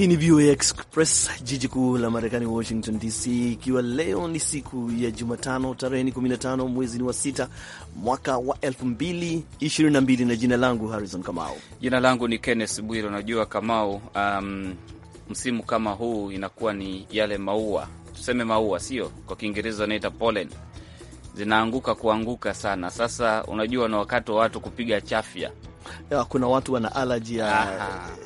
Hii ni VOA Express, jiji kuu la Marekani, Washington DC, ikiwa leo ni siku ya Jumatano, tarehe ni 15 mwezi ni wa sita mwaka wa 2022 na jina langu Harrison Kamau. Jina langu ni Kenneth Bwire. Unajua Kamau, um, msimu kama huu inakuwa ni yale maua, tuseme maua, sio kwa Kiingereza wanaita pollen, zinaanguka kuanguka sana. Sasa unajua na wakati wa watu kupiga chafya ya, kuna watu wana allergy ya,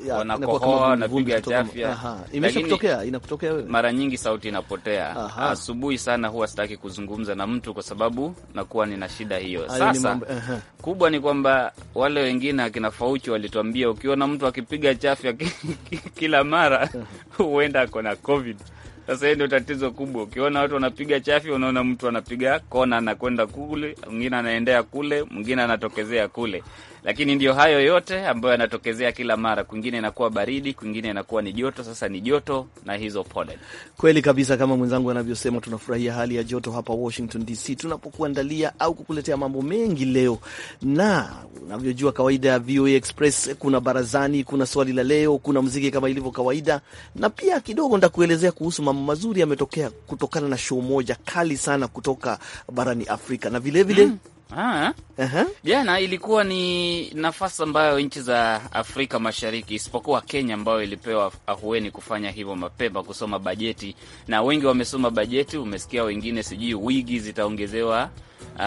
ya wanakohoa, ya chafya. Imeshakutokea? Inakutokea wewe? Mara nyingi sauti inapotea. Asubuhi sana huwa sitaki kuzungumza na mtu kwa sababu nakuwa nina shida hiyo. Sasa kubwa ni kwamba wale wengine akina Fauchi walituambia ukiona mtu akipiga chafya kila mara huenda ako na covid. Sasa hiyo ndio tatizo kubwa. Ukiona watu wanapiga chafya, unaona mtu anapiga kona, anakwenda kule, mwingine anaendea kule, mwingine anatokezea kule. Lakini ndio hayo yote ambayo yanatokezea kila mara, kwingine inakuwa baridi, kwingine inakuwa ni joto. Sasa ni joto na hizo pollen. Kweli kabisa, kama mwenzangu anavyosema, tunafurahia hali ya joto hapa Washington DC, tunapokuandalia au kukuletea mambo mengi leo, na unavyojua kawaida ya VOA Express, kuna barazani, kuna swali la leo, kuna mziki kama ilivyo kawaida, na pia kidogo ndakuelezea kuhusu mambo mazuri yametokea kutokana na show moja kali sana kutoka barani Afrika na vilevile vile, mm uh-huh. Jana ilikuwa ni nafasi ambayo nchi za Afrika Mashariki isipokuwa Kenya ambayo ilipewa ahueni kufanya hivyo mapema, kusoma bajeti, na wengi wamesoma bajeti. Umesikia wengine, sijui wigi zitaongezewa Uh,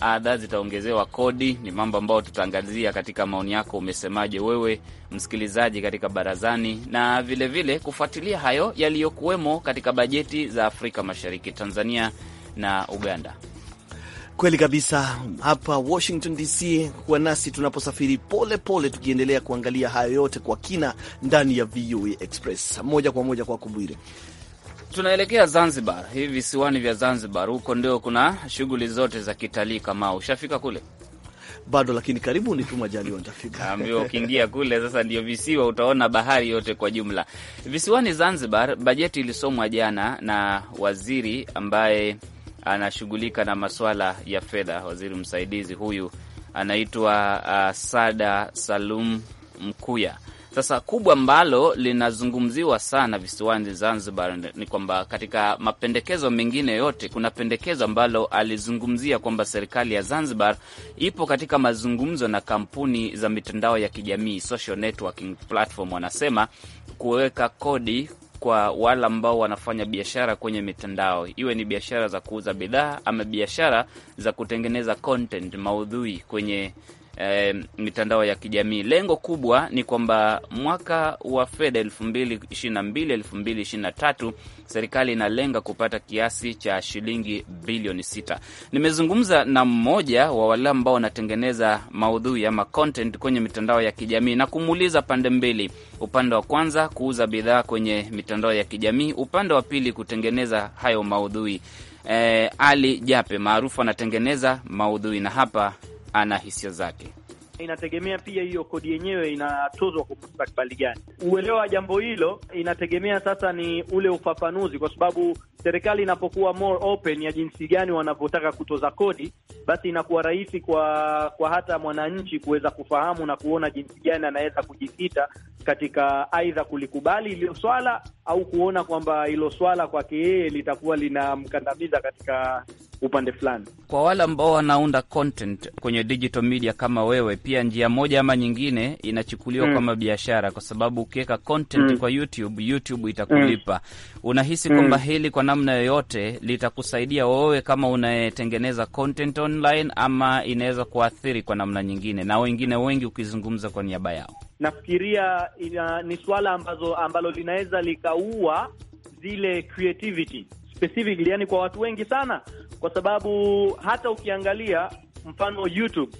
adha zitaongezewa kodi. Ni mambo ambayo tutaangazia katika maoni yako. Umesemaje wewe msikilizaji katika barazani, na vilevile vile kufuatilia hayo yaliyokuwemo katika bajeti za Afrika Mashariki, Tanzania na Uganda. Kweli kabisa, hapa Washington DC, kuwa nasi tunaposafiri pole pole, tukiendelea kuangalia hayo yote kwa kina ndani ya VOA Express. Moja kwa moja kwa Bwire, tunaelekea Zanzibar, hivi visiwani vya Zanzibar. Huko ndio kuna shughuli zote za kitalii. Kama ushafika kule bado lakini ni tu majaliwa nitafika. ambio. ukiingia kule sasa ndio visiwa utaona bahari yote kwa jumla. Visiwani Zanzibar, bajeti ilisomwa jana na waziri ambaye anashughulika na maswala ya fedha. Waziri msaidizi huyu anaitwa uh, Sada Salum Mkuya. Sasa kubwa ambalo linazungumziwa sana visiwani Zanzibar ni kwamba katika mapendekezo mengine yote kuna pendekezo ambalo alizungumzia kwamba serikali ya Zanzibar ipo katika mazungumzo na kampuni za mitandao ya kijamii social networking platform, wanasema kuweka kodi kwa wale ambao wanafanya biashara kwenye mitandao, iwe ni biashara za kuuza bidhaa ama biashara za kutengeneza content, maudhui kwenye eh, mitandao ya kijamii. Lengo kubwa ni kwamba mwaka wa fedha 2022 serikali inalenga kupata kiasi cha shilingi bilioni 6. Nimezungumza na mmoja wa wale ambao wanatengeneza maudhui ama content kwenye mitandao ya kijamii na kumuuliza pande mbili, upande wa kwanza kuuza bidhaa kwenye mitandao ya kijamii, upande wa pili kutengeneza hayo maudhui. Eh, Ali Jape maarufu anatengeneza maudhui na hapa ana hisia zake. Inategemea pia hiyo kodi yenyewe inatozwa kwa kibali gani. Uelewa wa jambo hilo inategemea sasa ni ule ufafanuzi, kwa sababu serikali inapokuwa more open ya jinsi gani wanavyotaka kutoza kodi, basi inakuwa rahisi kwa kwa hata mwananchi kuweza kufahamu na kuona jinsi gani anaweza kujikita katika aidha kulikubali hilo swala au kuona kwamba hilo swala kwake yeye litakuwa linamkandamiza katika upande fulani. Kwa wale ambao wanaunda content kwenye digital media kama wewe, pia njia moja ama nyingine inachukuliwa mm. kama biashara, kwa sababu ukiweka content mm. kwa YouTube, YouTube itakulipa mm. unahisi mm. kwamba hili kwa namna yoyote litakusaidia wewe kama unayetengeneza content online, ama inaweza kuathiri kwa namna nyingine, na wengine wengi ukizungumza kwa niaba yao? nafikiria ina, ni swala ambazo ambalo linaweza likaua zile creativity specifically, yani kwa watu wengi sana, kwa sababu hata ukiangalia mfano YouTube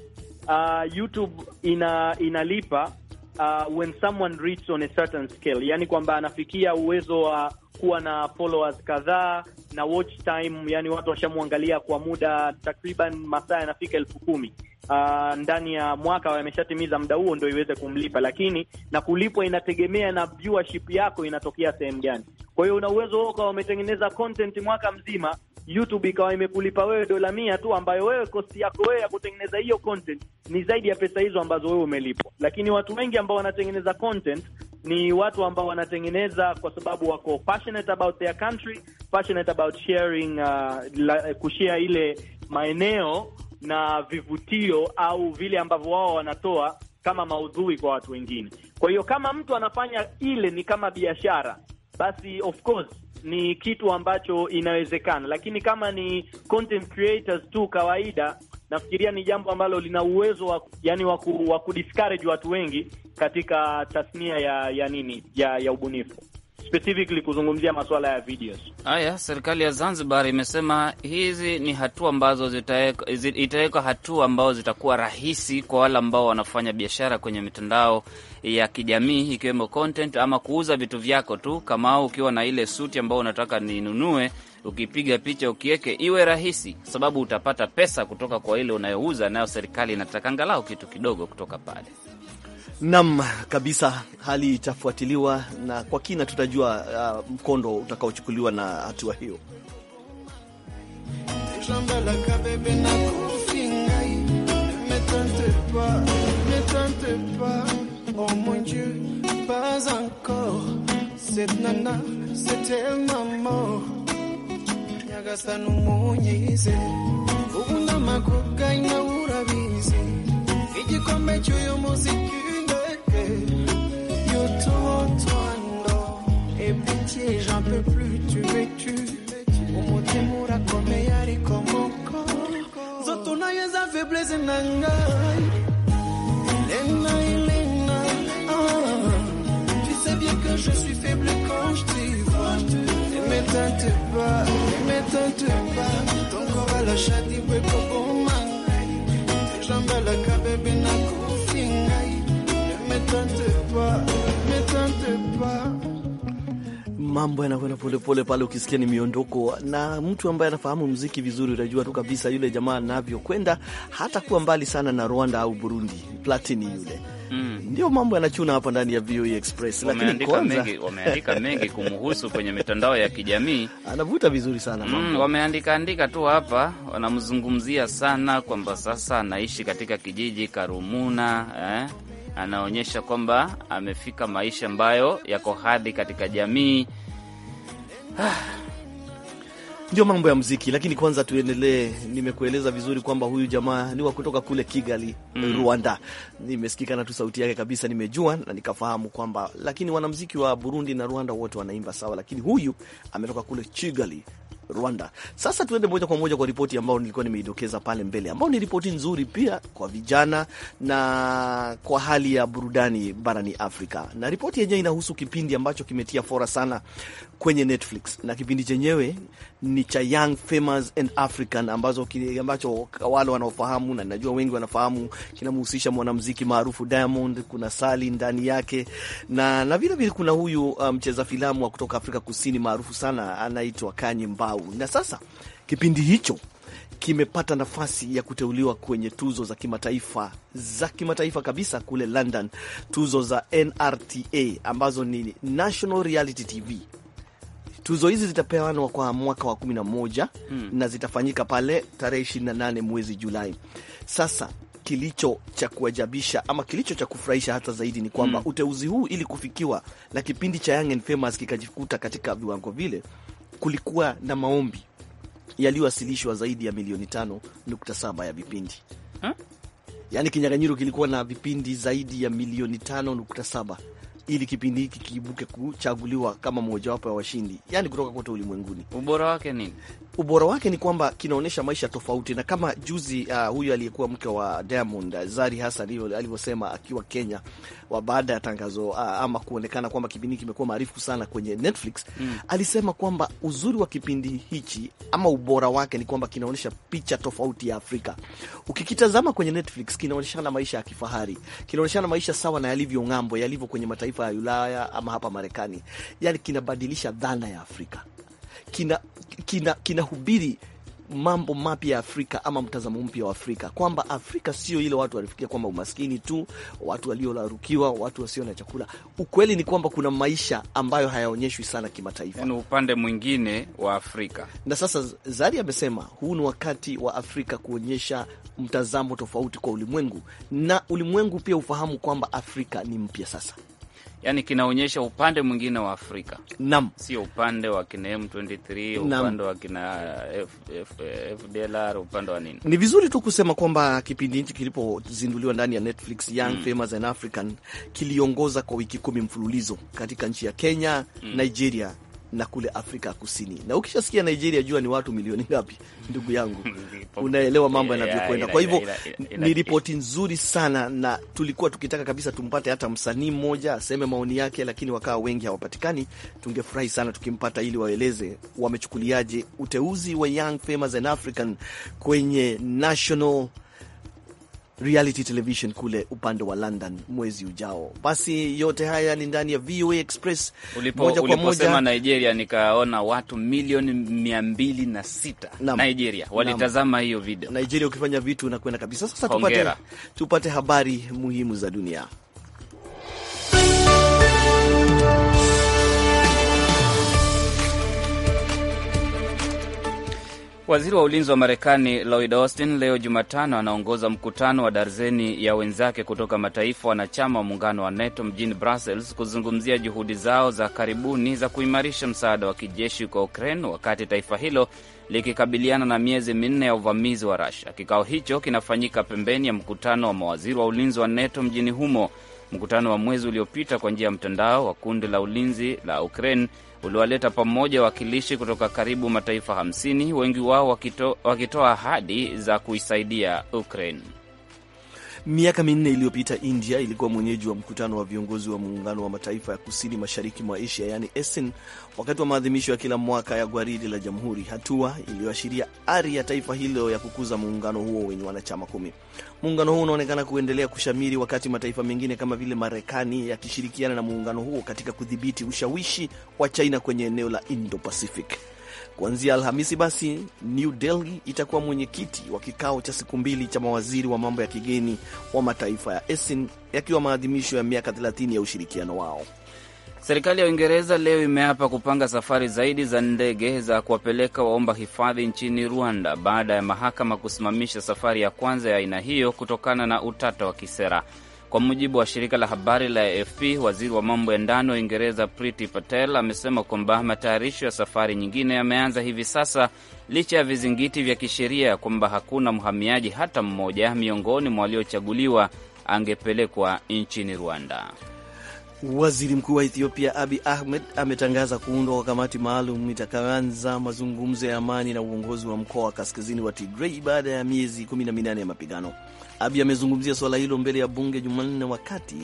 uh, YouTube ina inalipa uh, when someone reaches on a certain scale, yani kwamba anafikia uwezo wa kuwa na followers kadhaa na watch time, yani watu washamwangalia kwa muda takriban masaa yanafika elfu kumi uh, ndani ya mwaka wameshatimiza muda huo ndo iweze kumlipa, lakini na kulipwa inategemea na viewership yako inatokea sehemu gani. Kwa hiyo una uwezo wao kwa umetengeneza content mwaka mzima YouTube ikawa imekulipa wewe dola mia tu, ambayo wewe kosti yako wewe ya kutengeneza hiyo content ni zaidi ya pesa hizo ambazo wewe umelipwa. Lakini watu wengi ambao wanatengeneza content ni watu ambao wanatengeneza kwa sababu wako passionate about their country, passionate about sharing, uh, la, kushare ile maeneo na vivutio au vile ambavyo wao wanatoa kama maudhui kwa watu wengine. Kwa hiyo kama mtu anafanya ile ni kama biashara, basi of course ni kitu ambacho inawezekana, lakini kama ni content creators tu kawaida, nafikiria ni jambo ambalo lina uwezo wa yani wa kudiscourage watu wengi katika tasnia ya ya nini ya, ya ubunifu specifically kuzungumzia masuala ya videos haya. Serikali ya Zanzibar imesema hizi ni hatua ambazo itaweka hatua ambazo zitakuwa rahisi kwa wale ambao wanafanya biashara kwenye mitandao ya kijamii ikiwemo content ama kuuza vitu vyako tu, kama ukiwa na ile suti ambayo unataka ninunue ukipiga picha ukiweke, iwe rahisi, sababu utapata pesa kutoka kwa ile unayouza, nayo serikali inataka angalau kitu kidogo kutoka pale. Nam kabisa, hali itafuatiliwa na kwa kina tutajua uh, mkondo utakaochukuliwa na hatua hiyo. Yo, toi, toi, non. Et pitié, j'en peux plus, tu m'es tu. Umutimu rako meyari komoko. Zote unaweza faiblesse nanga. Elena, Elena, ah. Tu sais bien que je suis faible quand je t'y vois. Ne m'éteinte pas, maintenant m'éteinte pas. Ton corps à la chatte, il peut pas moi man. jambes à la cabine, Mambo yanakwenda polepole pale, ukisikia ni miondoko na mtu ambaye anafahamu mziki vizuri, utajua tu kabisa yule jamaa anavyokwenda, hata kuwa mbali sana na Rwanda au Burundi. Platini yule Mm. Ndio mambo yanachuna hapa ndani ya VOA e Express, lakini wameandika mengi kumhusu kwenye mitandao ya kijamii, anavuta vizuri sana mm, wameandika andika tu hapa, wanamzungumzia sana kwamba sasa anaishi katika kijiji Karumuna eh? anaonyesha kwamba amefika maisha ambayo yako hadhi katika jamii. Ndio mambo ya mziki lakini kwanza tuendelee. Nimekueleza vizuri kwamba huyu jamaa ni wa kutoka kule Kigali, mm, Rwanda. nimesikikana tu sauti yake kabisa, nimejua na nikafahamu kwamba, lakini wanamziki wa Burundi na Rwanda wote wanaimba sawa, lakini huyu ametoka kule Kigali, Rwanda. Sasa tuende moja kwa moja kwa ripoti ambayo nilikuwa nimeidokeza pale mbele, ambayo ni ripoti nzuri pia kwa vijana na kwa hali ya burudani barani Afrika, na ripoti yenyewe inahusu kipindi ambacho kimetia fora sana kwenye Netflix na kipindi chenyewe ni cha Young Famous and African, ambazo ambacho wale wanaofahamu na najua wengi wanafahamu, kinamhusisha mwanamuziki maarufu Diamond, kuna Sali ndani yake na na vile vile kuna huyu uh, mcheza um, filamu wa kutoka Afrika Kusini maarufu sana anaitwa Kanye Mbau. Na sasa kipindi hicho kimepata nafasi ya kuteuliwa kwenye tuzo za kimataifa za kimataifa kabisa kule London, tuzo za NRTA ambazo ni National Reality TV Tuzo hizi zitapeanwa kwa mwaka wa 11 hmm. na zitafanyika pale tarehe 28 mwezi Julai. Sasa kilicho cha kuajabisha ama kilicho cha kufurahisha hata zaidi ni kwamba hmm. uteuzi huu ili kufikiwa na kipindi cha Young and Famous kikajikuta katika viwango vile, kulikuwa na maombi yaliyowasilishwa zaidi ya milioni 5.7 ya vipindi huh? Yaani kinyang'anyiro kilikuwa na vipindi zaidi ya milioni 5.7 ili kipindi hiki kiibuke kuchaguliwa kama mojawapo ya washindi, yani kutoka kote ulimwenguni. Ubora wake nini? ubora wake ni kwamba kinaonyesha maisha tofauti, na kama juzi uh, huyu aliyekuwa mke wa Diamond Zari Hassan alivyosema akiwa Kenya baada ya tangazo uh, ama kuonekana kwamba kipindi kimekuwa maarifu sana kwenye Netflix mm. Alisema kwamba uzuri wa kipindi hichi ama ubora wake ni kwamba kinaonyesha picha tofauti ya Afrika. Ukikitazama kwenye Netflix kinaonyeshana maisha ya kifahari, kinaonyeshana maisha sawa na yalivyo ng'ambo, yalivyo kwenye mataifa ya Ulaya ama hapa Marekani, yani kinabadilisha dhana ya Afrika kinahubiri kina, kina mambo mapya ya Afrika ama mtazamo mpya wa Afrika, kwamba Afrika sio ile watu walifikia kwamba umaskini tu, watu waliolarukiwa, watu wasio na chakula. Ukweli ni kwamba kuna maisha ambayo hayaonyeshwi sana kimataifa, ni yaani upande mwingine wa Afrika. Na sasa Zari amesema huu ni wakati wa Afrika kuonyesha mtazamo tofauti kwa ulimwengu, na ulimwengu pia ufahamu kwamba Afrika ni mpya sasa yani kinaonyesha upande mwingine wa Afrika nam, sio upande wa kina M23, upande wa kina FDLR, upande wa nini. Ni vizuri tu kusema kwamba kipindi hichi kilipozinduliwa ndani ya Netflix Young mm. Famous and African kiliongoza kwa wiki kumi mfululizo katika nchi ya Kenya mm. Nigeria na kule Afrika Kusini. Na ukishasikia Nigeria, jua ni watu milioni ngapi, ndugu yangu, unaelewa mambo yanavyokwenda. Kwa hivyo ni ripoti nzuri sana, na tulikuwa tukitaka kabisa tumpate hata msanii mmoja aseme maoni yake, lakini wakawa wengi hawapatikani. Tungefurahi sana tukimpata ili waeleze wamechukuliaje uteuzi wa Young Famous and African kwenye National reality television kule upande wa London mwezi ujao. Basi yote haya ni ndani ya VOA Express ulipo, moja kwa moja. Nigeria, nikaona watu milioni mia mbili na sita Nigeria walitazama hiyo video. Nigeria ukifanya vitu unakwenda kabisa. Sasa tupate, tupate habari muhimu za dunia. Waziri wa ulinzi wa Marekani Lloyd Austin leo Jumatano anaongoza mkutano wa darzeni ya wenzake kutoka mataifa wanachama wa muungano wa NATO mjini Brussels kuzungumzia juhudi zao za karibuni za kuimarisha msaada wa kijeshi kwa Ukraine wakati taifa hilo likikabiliana na miezi minne ya uvamizi wa Russia. Kikao hicho kinafanyika pembeni ya mkutano wa mawaziri wa ulinzi wa NATO mjini humo. Mkutano wa mwezi uliopita kwa njia ya mtandao wa kundi la ulinzi la Ukraine uliwaleta pamoja wawakilishi kutoka karibu mataifa 50, wengi wao wakitoa ahadi za kuisaidia Ukraine. Miaka minne iliyopita India ilikuwa mwenyeji wa mkutano wa viongozi wa muungano wa mataifa ya kusini mashariki mwa Asia, yaani ASEAN, wakati wa maadhimisho ya kila mwaka ya gwaridi la Jamhuri, hatua iliyoashiria ari ya taifa hilo ya kukuza muungano huo wenye wanachama kumi. Muungano huo unaonekana kuendelea kushamiri wakati mataifa mengine kama vile Marekani yakishirikiana na muungano huo katika kudhibiti ushawishi wa China kwenye eneo la Indo-Pacific. Kuanzia Alhamisi basi, New Delhi itakuwa mwenyekiti wa kikao cha siku mbili cha mawaziri wa mambo ya kigeni wa mataifa ya ASEAN, yakiwa maadhimisho ya miaka 30 ya ushirikiano wao. Serikali ya Uingereza leo imeapa kupanga safari zaidi za ndege za kuwapeleka waomba hifadhi nchini Rwanda baada ya mahakama kusimamisha safari ya kwanza ya aina hiyo kutokana na utata wa kisera. Kwa mujibu wa shirika la habari la AFP, waziri wa mambo ya ndani wa Uingereza Priti Patel amesema kwamba matayarisho ya safari nyingine yameanza hivi sasa licha ya vizingiti vya kisheria kwamba hakuna mhamiaji hata mmoja miongoni mwa waliochaguliwa angepelekwa nchini Rwanda. Waziri Mkuu wa Ethiopia Abi Ahmed ametangaza kuundwa kwa kamati maalum itakayoanza mazungumzo ya amani na uongozi wa mkoa wa kaskazini wa Tigrei baada ya miezi 18 ya mapigano. Abi amezungumzia suala hilo mbele ya bunge Jumanne wakati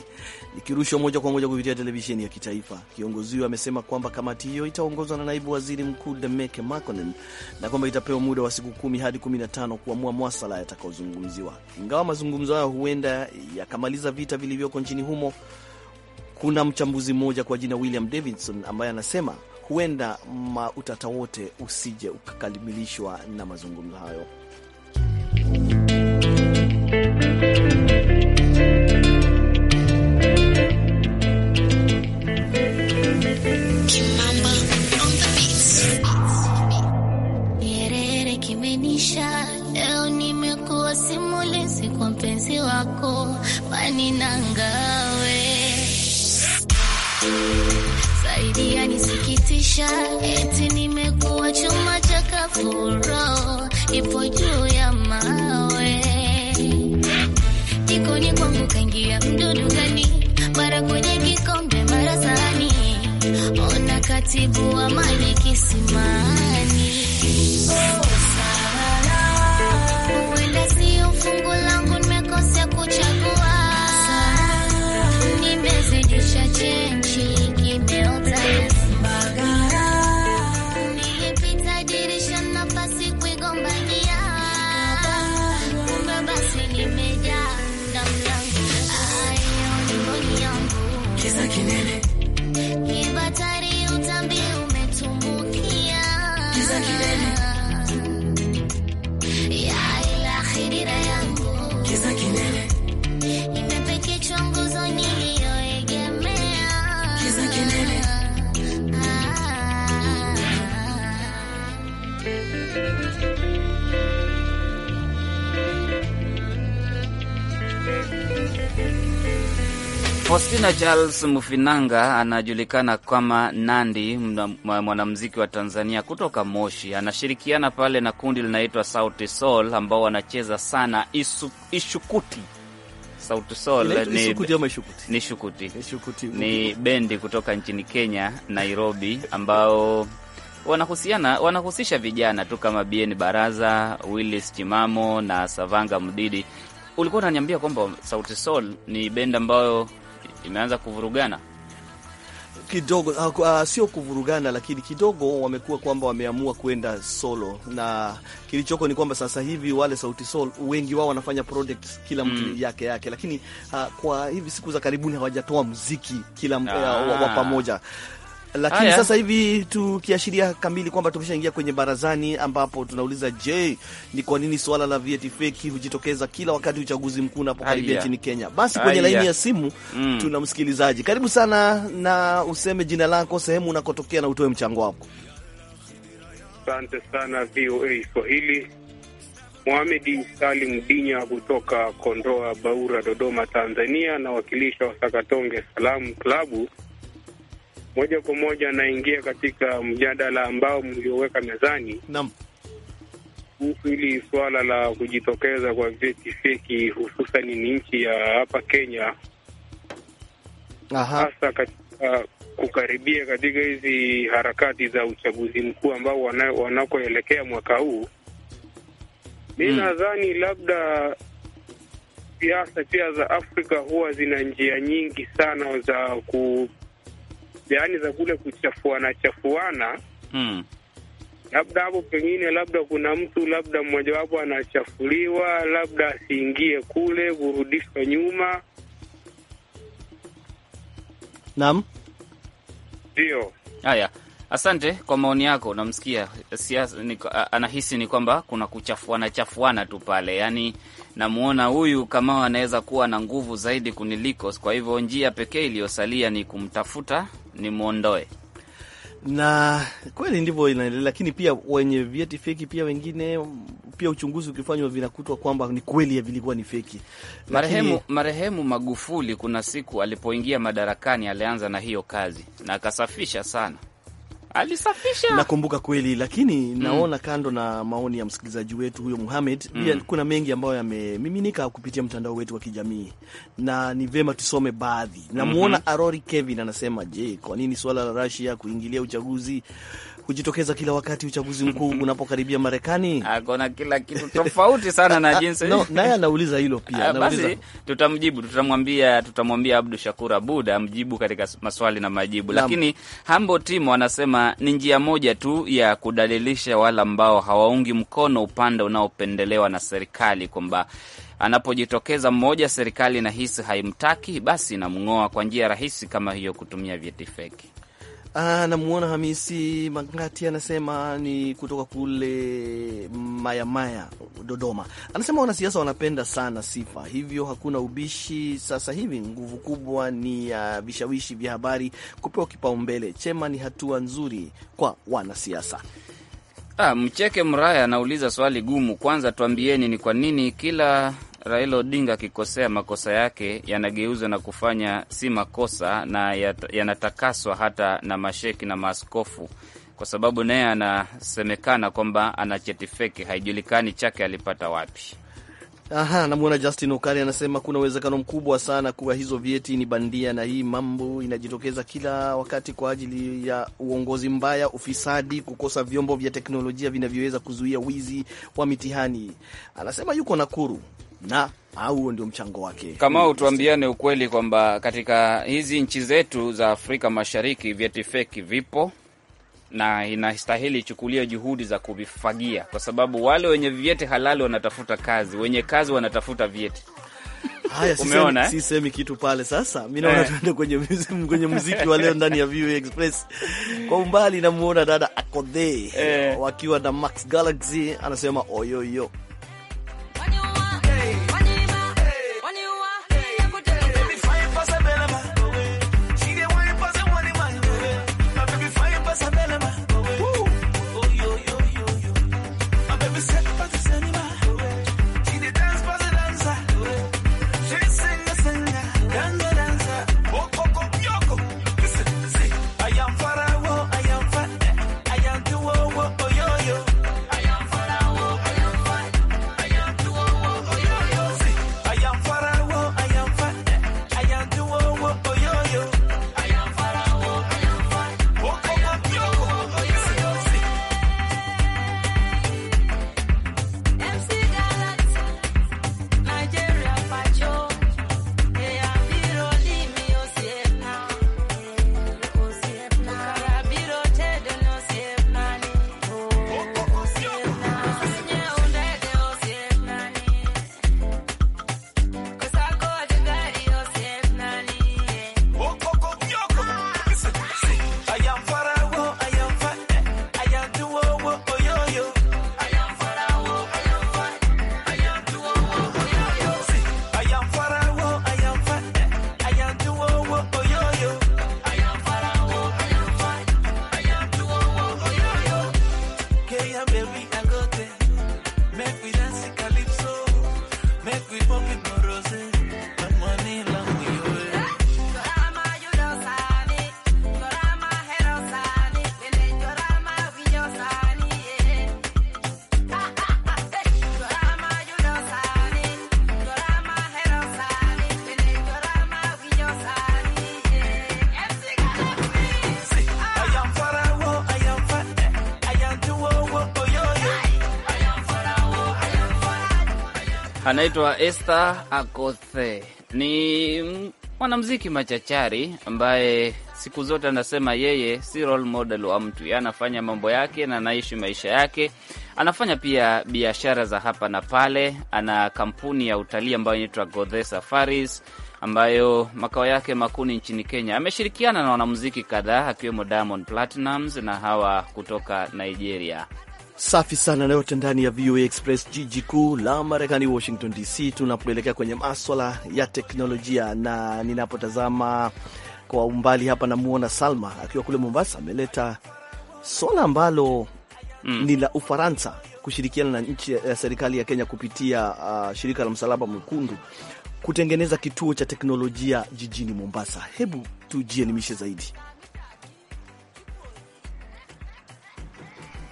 likirushwa moja kwa moja kupitia televisheni ya kitaifa. Kiongozi huyo amesema kwamba kamati hiyo itaongozwa na naibu waziri mkuu Demeke Mekonnen na kwamba itapewa muda wa siku kumi hadi 15 kuamua mwasala yatakaozungumziwa, ingawa mazungumzo hayo huenda yakamaliza vita vilivyoko nchini humo kuna mchambuzi mmoja kwa jina William Davidson ambaye anasema huenda utata wote usije ukakamilishwa na mazungumzo hayo. Leo nimekuwa simulizi kwa mpenzi wako paninanga maisha ti nimekuwa chuma cha kafuro, ipo juu ya mawe, jikoni kwangu kaingia mdudu gani? Mara kwenye kikombe, mara sahani, ona katibu wa mali kisimani oh. Faustina Charles Mufinanga anajulikana kama Nandi, mwanamuziki wa Tanzania kutoka Moshi. Anashirikiana pale na kundi linaitwa Sauti Sol ambao wanacheza sana isu, ishukuti Sauti Sol eh, ni, ni shukuti ni bendi kutoka nchini Kenya, Nairobi, ambao wanahusiana wanahusisha vijana tu kama Bien Baraza, Willis Chimamo na Savanga Mdidi. Ulikuwa unaniambia kwamba Sauti Sol ni bendi ambayo imeanza kuvurugana kidogo uh, sio kuvurugana, lakini kidogo wamekuwa kwamba wameamua kwenda solo, na kilichoko ni kwamba sasa hivi wale Sauti Sol wengi wao wanafanya project kila mtu mm. yake yake, lakini uh, kwa hivi siku za karibuni hawajatoa muziki kila eh, ah. wa pamoja lakini ah, Sasa hivi tukiashiria kamili kwamba tumeshaingia kwenye barazani, ambapo tunauliza je, ni kwa nini suala la vieti feki hujitokeza kila wakati uchaguzi mkuu unapokaribia nchini Kenya? Basi kwenye laini ya simu mm, tuna msikilizaji. Karibu sana, na useme jina lako, sehemu unakotokea na utoe mchango wako. Asante sana VOA Swahili. muhamedi Salim Dinya kutoka Kondoa Baura, Dodoma, Tanzania, nawakilisha Wasakatonge Salamu Klabu moja kwa moja anaingia katika mjadala ambao mlioweka mezani naam, kuhusu hili suala la kujitokeza kwa vyeti feki, hususan ni nchi ya hapa Kenya, hasa katika kukaribia katika hizi harakati za uchaguzi mkuu ambao wanakoelekea mwaka huu. Mi hmm. nadhani labda siasa pia za Afrika huwa zina njia nyingi sana za ku yaani za kule kuchafuana chafuana mm. Labda hapo pengine, labda kuna mtu labda mmojawapo anachafuliwa, labda asiingie kule, kurudishwa nyuma. Naam, ndio haya. Asante kwa maoni yako. Namsikia siasa ni, anahisi ni kwamba kuna kuchafuana chafuana tu pale, yaani namwona huyu kama anaweza kuwa na nguvu zaidi kuniliko, kwa hivyo njia pekee iliyosalia ni kumtafuta nimwondoe na kweli ndivyo inaendelea, lakini pia wenye vyeti feki pia wengine, pia uchunguzi ukifanywa vinakutwa kwamba ni kweli vilikuwa ni feki. Marehemu marehemu Magufuli kuna siku alipoingia madarakani alianza na hiyo kazi na akasafisha sana alisafisha nakumbuka kweli, lakini mm. naona kando na maoni ya msikilizaji wetu huyo Muhamed mm. pia kuna mengi ambayo yamemiminika kupitia mtandao wetu wa kijamii na ni vema tusome baadhi. Namwona mm -hmm. Arori Kevin anasema, je, kwa nini suala la Rasia kuingilia uchaguzi kujitokeza kila wakati uchaguzi mkuu unapokaribia Marekani. Akona ah, kila kitu tofauti sana na jinsi no, naye anauliza hilo pia. Ah, basi tutamjibu, tutamwambia, tutamwambia Abdu Shakur Abud amjibu katika maswali na majibu Lam. Lakini Hambo Timo anasema ni njia moja tu ya kudalilisha wale ambao hawaungi mkono upande unaopendelewa na serikali kwamba anapojitokeza mmoja serikali inahisi haimtaki, basi inamng'oa kwa njia rahisi kama hiyo, kutumia vyeti feki. Ah, Namwona Hamisi Magati anasema ni kutoka kule Mayamaya, Dodoma. Anasema wanasiasa wanapenda sana sifa, hivyo hakuna ubishi. Sasa hivi nguvu kubwa ni ya uh, vishawishi vya habari kupewa kipaumbele. Chema ni hatua nzuri kwa wanasiasa. Ah, Mcheke Mraya anauliza swali gumu. Kwanza tuambieni, ni kwa nini kila Raila Odinga akikosea, makosa yake yanageuzwa na kufanya si makosa na yanatakaswa hata na masheki na maaskofu, kwa sababu naye anasemekana kwamba ana cheti feki, haijulikani chake alipata wapi. Aha, namwona Justin Okari anasema kuna uwezekano mkubwa sana kuwa hizo vyeti ni bandia, na hii mambo inajitokeza kila wakati kwa ajili ya uongozi mbaya, ufisadi, kukosa vyombo vya teknolojia vinavyoweza kuzuia wizi wa mitihani. Anasema yuko Nakuru, na au huo ndio mchango wake. Kama utuambiane ukweli kwamba katika hizi nchi zetu za Afrika Mashariki vyeti feki vipo na inastahili ichukulia juhudi za kuvifagia, kwa sababu wale wenye vyeti halali wanatafuta kazi, wenye kazi wanatafuta vyeti. Haya, umeona eh? kitu pale. Sasa mi naona eh. tuende kwenye, kwenye muziki wa leo ndani ya VOA Express. Kwa umbali namuona dada Akodhe eh. wakiwa na Max Galaxy anasema oyoyo anaitwa Esther Akothe, ni mwanamuziki machachari ambaye siku zote anasema yeye si role model wa mtu, yeye anafanya mambo yake na anaishi maisha yake. Anafanya pia biashara za hapa na pale, ana kampuni ya utalii ambayo inaitwa Gothe Safaris ambayo makao yake makuni nchini Kenya. Ameshirikiana na wanamuziki kadhaa akiwemo Diamond Platnumz na hawa kutoka Nigeria. Safi sana na yote ndani ya VOA Express, jiji kuu la Marekani, Washington DC, tunapoelekea kwenye maswala ya teknolojia. Na ninapotazama kwa umbali hapa, namuona Salma akiwa kule Mombasa, ameleta swala ambalo mm, ni la Ufaransa kushirikiana na nchi ya serikali ya Kenya kupitia uh, shirika la Msalaba Mwekundu kutengeneza kituo cha teknolojia jijini Mombasa. Hebu tujielimishe zaidi.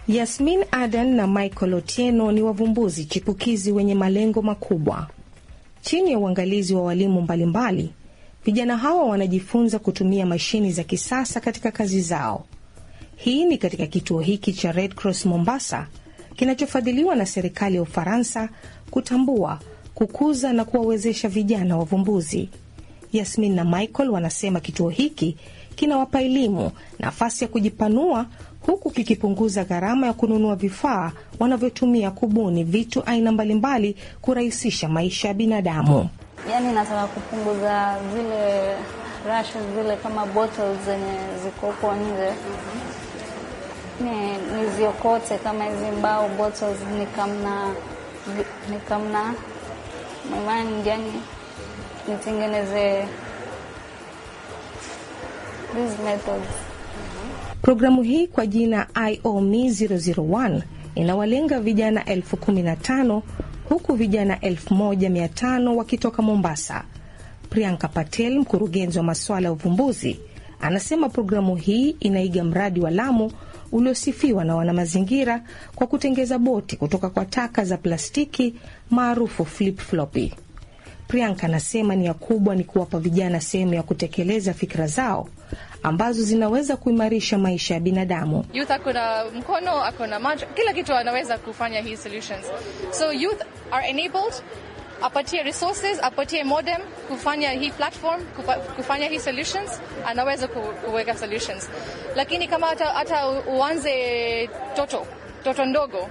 Yasmin Adan na Michael Otieno ni wavumbuzi chipukizi wenye malengo makubwa. Chini ya uangalizi wa walimu mbalimbali, vijana hawa wanajifunza kutumia mashini za kisasa katika kazi zao. Hii ni katika kituo hiki cha Red Cross Mombasa kinachofadhiliwa na serikali ya Ufaransa kutambua, kukuza na kuwawezesha vijana wavumbuzi. Yasmin na Michael wanasema kituo hiki kinawapa elimu, nafasi ya kujipanua huku kikipunguza gharama ya kununua vifaa wanavyotumia kubuni vitu aina mbalimbali kurahisisha maisha ya binadamu. Yani nataka kupunguza zile rasha zile kama bottles zenye ziko huko nje ni niziokote kama hizi mbao bottles nikamna nikamna mimani yani nitengeneze these methods Programu hii kwa jina IOMI 001 inawalenga vijana elfu kumi na tano huku vijana elfu moja mia tano wakitoka Mombasa. Priyanka Patel, mkurugenzi wa masuala ya uvumbuzi, anasema programu hii inaiga mradi wa Lamu uliosifiwa na wanamazingira kwa kutengeza boti kutoka kwa taka za plastiki maarufu flip floppy. Priyanka anasema nia kubwa ni kuwapa vijana sehemu ya kutekeleza fikra zao ambazo zinaweza kuimarisha maisha ya binadamu. Youth ako na mkono, ako na macho, kila kitu anaweza kufanya hii solutions. So youth are enabled apatie resources, apatie modem kufanya hii platform, kufanya hii solutions, anaweza kuweka solutions. Lakini kama hata uanze toto toto ndogo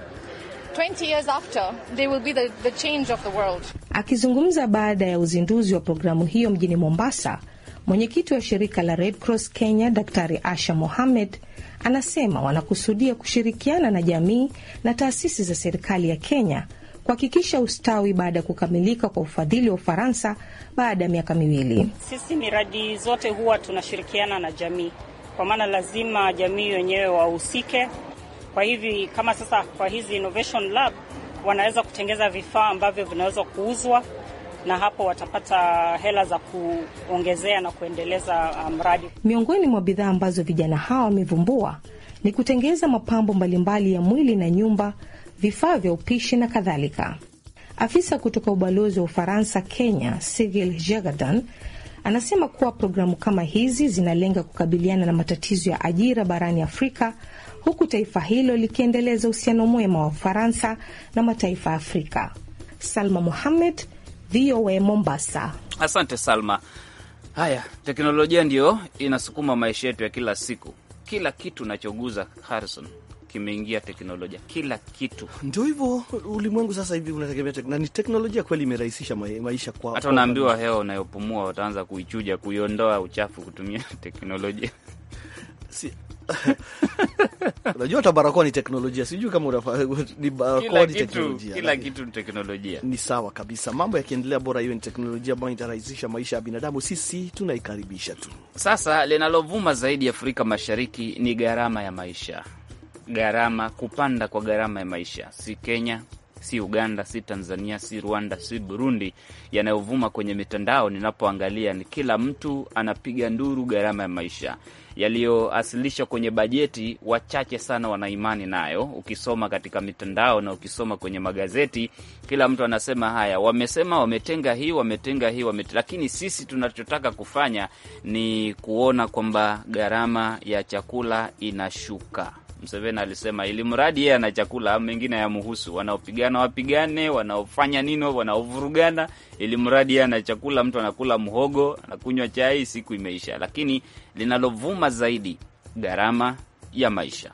20 years after they will be the, the change of the world. Akizungumza baada ya uzinduzi wa programu hiyo mjini Mombasa, Mwenyekiti wa shirika la Red Cross Kenya Daktari Asha Mohamed anasema wanakusudia kushirikiana na jamii na taasisi za serikali ya Kenya kuhakikisha ustawi baada ya kukamilika kwa ufadhili wa Ufaransa baada ya miaka miwili. Sisi miradi zote huwa tunashirikiana na jamii, kwa maana lazima jamii wenyewe wahusike. Kwa hivi kama sasa kwa hizi innovation lab wanaweza kutengeza vifaa ambavyo vinaweza kuuzwa na hapo watapata hela za kuongezea na kuendeleza um, mradi. Miongoni mwa bidhaa ambazo vijana hawa wamevumbua ni kutengeza mapambo mbalimbali ya mwili na nyumba, vifaa vya upishi na kadhalika. Afisa kutoka ubalozi wa Ufaransa Kenya, Sigil Jagadan, anasema kuwa programu kama hizi zinalenga kukabiliana na matatizo ya ajira barani Afrika, huku taifa hilo likiendeleza uhusiano mwema wa Ufaransa na mataifa ya Afrika. Salma Mohamed, VOA Mombasa. Asante Salma. Haya, teknolojia ndiyo inasukuma maisha yetu ya kila siku, kila kitu nachoguza Harrison kimeingia teknolojia, kila kitu. Ndio hivyo ulimwengu sasa hivi unategemea na ni teknolojia kweli, imerahisisha maisha kwa hata unaambiwa hewa unayopumua wataanza kuichuja, kuiondoa uchafu kutumia teknolojia. Si, Unajua hata barakoa ni teknolojia, sijui kama unafa, ni barakoa ni teknolojia. Kila yaani, kitu ni teknolojia. Ni sawa kabisa, mambo yakiendelea, bora hiyo ni teknolojia ambayo itarahisisha maisha ya binadamu, sisi tunaikaribisha tu. Sasa linalovuma zaidi Afrika Mashariki ni gharama ya maisha, gharama kupanda kwa gharama ya maisha, si Kenya si Uganda si Tanzania si Rwanda si Burundi. Yanayovuma kwenye mitandao ninapoangalia ni kila mtu anapiga nduru gharama ya maisha yaliyoasilishwa kwenye bajeti, wachache sana wanaimani nayo. Ukisoma katika mitandao na ukisoma kwenye magazeti, kila mtu anasema haya, wamesema wametenga hii, wametenga hii, wame... lakini sisi tunachotaka kufanya ni kuona kwamba gharama ya chakula inashuka. Mseveni alisema ili mradi yeye ana chakula, mengine yamhusu. Wanaopigana wapigane, wanaofanya nini, wanaovurugana, ili mradi yeye ana chakula. Mtu anakula mhogo, anakunywa chai, siku imeisha. Lakini linalovuma zaidi, gharama ya maisha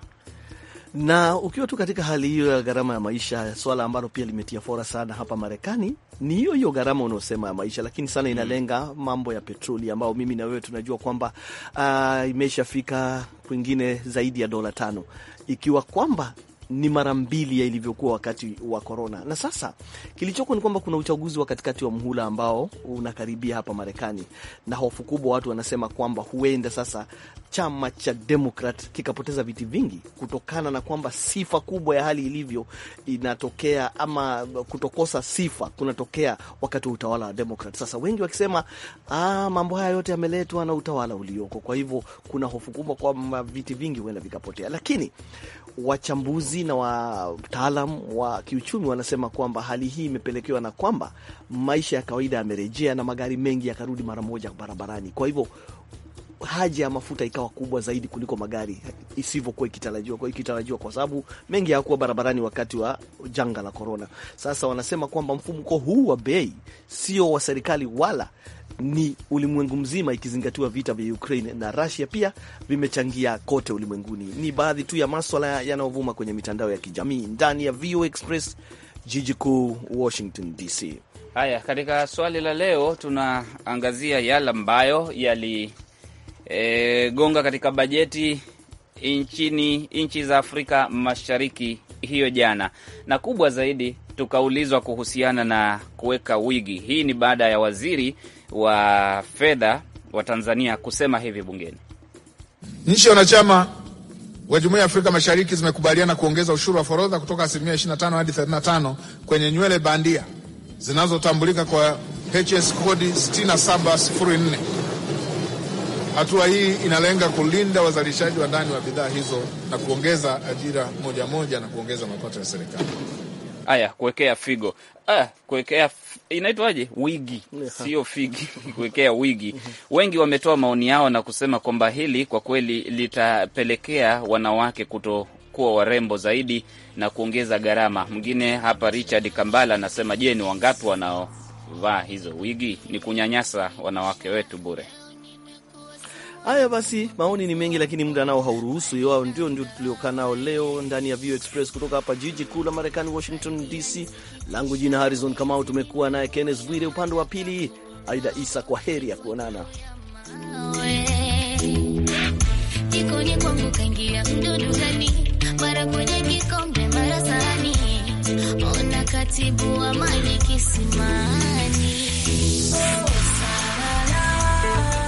na ukiwa tu katika hali hiyo ya gharama ya maisha, swala ambalo pia limetia fora sana hapa Marekani ni hiyo hiyo gharama unaosema ya maisha, lakini sana hmm. inalenga mambo ya petroli, ambayo mimi na wewe tunajua kwamba uh, imeshafika kwingine zaidi ya dola tano, ikiwa kwamba ni mara mbili ya ilivyokuwa wakati wa korona. Na sasa kilichoko ni kwamba kuna uchaguzi wa katikati wa mhula ambao unakaribia hapa Marekani, na hofu kubwa watu wanasema kwamba huenda sasa chama cha Demokrat kikapoteza viti vingi kutokana na kwamba sifa kubwa ya hali ilivyo inatokea ama kutokosa sifa kunatokea wakati wa utawala wa Demokrat. Sasa wengi wakisema ah, mambo haya yote yameletwa na utawala ulioko, kwa hivyo kuna hofu kubwa kwamba viti vingi huenda vikapotea, lakini wachambuzi na wataalam wa kiuchumi wanasema kwamba hali hii imepelekewa na kwamba maisha ya kawaida yamerejea na magari mengi yakarudi mara moja barabarani, kwa hivyo haja ya mafuta ikawa kubwa zaidi kuliko magari isivyokuwa ikitarajiwa kwa ikitarajiwa kwa sababu mengi hayakuwa barabarani wakati wa janga la korona. Sasa wanasema kwamba mfumuko huu wa bei sio wa serikali wala ni ulimwengu mzima, ikizingatiwa vita vya Ukraine na Russia pia vimechangia kote ulimwenguni. Ni baadhi tu ya maswala yanayovuma kwenye mitandao ya kijamii ndani ya VOA Express, jiji kuu Washington DC. Haya, katika swali la leo tunaangazia yale ambayo yali e, gonga katika bajeti nchini nchi za Afrika Mashariki hiyo jana, na kubwa zaidi tukaulizwa kuhusiana na kuweka wigi. Hii ni baada ya waziri wa fedha wa Tanzania kusema hivi bungeni, nchi wanachama wa Jumuiya ya Afrika Mashariki zimekubaliana kuongeza ushuru wa forodha kutoka asilimia 25 hadi 35 kwenye nywele bandia zinazotambulika kwa HS kodi 6704 Hatua hii inalenga kulinda wazalishaji wa ndani wa bidhaa hizo na kuongeza ajira moja moja na kuongeza mapato ya serikali. Haya, kuwekea figo ah, kuwekea inaitwaje, wigi sio figi, kuwekea wigi. Wengi wametoa maoni yao na kusema kwamba hili kwa kweli litapelekea wanawake kuto kuwa warembo zaidi na kuongeza gharama. Mwingine hapa Richard Kambala anasema, je, ni wangapi wanaovaa hizo wigi? Ni kunyanyasa wanawake wetu bure. Haya basi, maoni ni mengi, lakini muda nao hauruhusu. Yao ndio ndio tuliokaa nao leo ndani ya Vio Express kutoka hapa jiji kuu la Marekani, Washington DC. Langu jina Harrison Kamau, tumekuwa naye Kenneth Bwire upande wa pili, Aida Isa. Kwa heri ya kuonana.